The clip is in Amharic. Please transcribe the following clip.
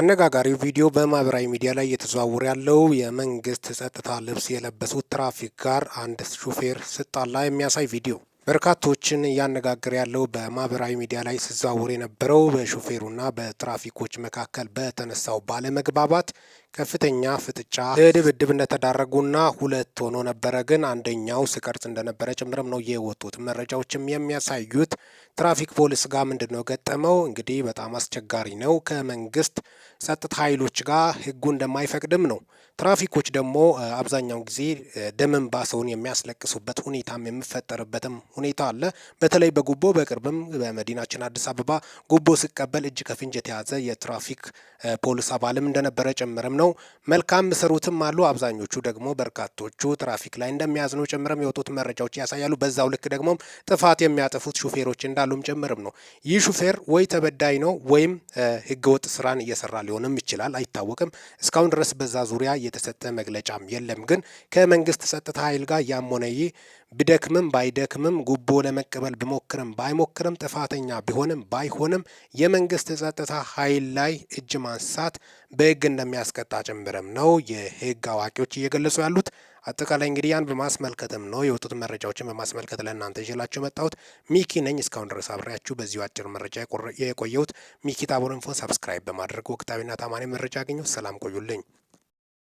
አነጋጋሪው ቪዲዮ በማህበራዊ ሚዲያ ላይ እየተዘዋወረ ያለው የመንግስት ጸጥታ ልብስ የለበሱት ትራፊክ ጋር አንድ ሹፌር ስጣላ የሚያሳይ ቪዲዮ በርካቶችን እያነጋገረ ያለው በማህበራዊ ሚዲያ ላይ ሲዘዋወር የነበረው በሹፌሩና በትራፊኮች መካከል በተነሳው ባለመግባባት ከፍተኛ ፍጥጫ ለድብድብ እንደተዳረጉና ሁለት ሆኖ ነበረ፣ ግን አንደኛው ስቀርጽ እንደነበረ ጭምርም ነው የወጡት መረጃዎችም የሚያሳዩት። ትራፊክ ፖሊስ ጋር ምንድን ነው ገጠመው? እንግዲህ በጣም አስቸጋሪ ነው። ከመንግስት ጸጥታ ኃይሎች ጋር ህጉ እንደማይፈቅድም ነው። ትራፊኮች ደግሞ አብዛኛውን ጊዜ ደመንባ ሰውን የሚያስለቅሱበት ሁኔታም የሚፈጠርበትም ሁኔታ አለ። በተለይ በጉቦ በቅርብም በመዲናችን አዲስ አበባ ጉቦ ሲቀበል እጅ ከፍንጅ የተያዘ የትራፊክ ፖሊስ አባልም እንደነበረ ጭምርም ነው ነው። መልካም ምሰሩትም አሉ። አብዛኞቹ ደግሞ በርካቶቹ ትራፊክ ላይ እንደሚያዝኑ ጭምርም የወጡት መረጃዎች ያሳያሉ። በዛው ልክ ደግሞ ጥፋት የሚያጠፉት ሹፌሮች እንዳሉም ጭምርም ነው። ይህ ሹፌር ወይ ተበዳይ ነው ወይም ህገወጥ ስራን እየሰራ ሊሆንም ይችላል፣ አይታወቅም። እስካሁን ድረስ በዛ ዙሪያ የተሰጠ መግለጫም የለም። ግን ከመንግስት ጸጥታ ኃይል ጋር ያም ሆነ ይህ ቢደክምም ባይደክምም ጉቦ ለመቀበል ቢሞክርም ባይሞክርም ጥፋተኛ ቢሆንም ባይሆንም የመንግስት ጸጥታ ኃይል ላይ እጅ ማንሳት በህግ እንደሚያስቀጣ ጭምርም ነው የህግ አዋቂዎች እየገለጹ ያሉት። አጠቃላይ እንግዲህ ያን በማስመልከትም ነው የወጡት መረጃዎችን በማስመልከት ለእናንተ ይዤላችሁ መጣሁት። ሚኪ ነኝ። እስካሁን ድረስ አብሬያችሁ በዚሁ አጭር መረጃ የቆየሁት ሚኪ ታቦር ኢንፎን። ሰብስክራይብ በማድረግ ወቅታዊና ታማኝ መረጃ አገኘሁ። ሰላም ቆዩልኝ።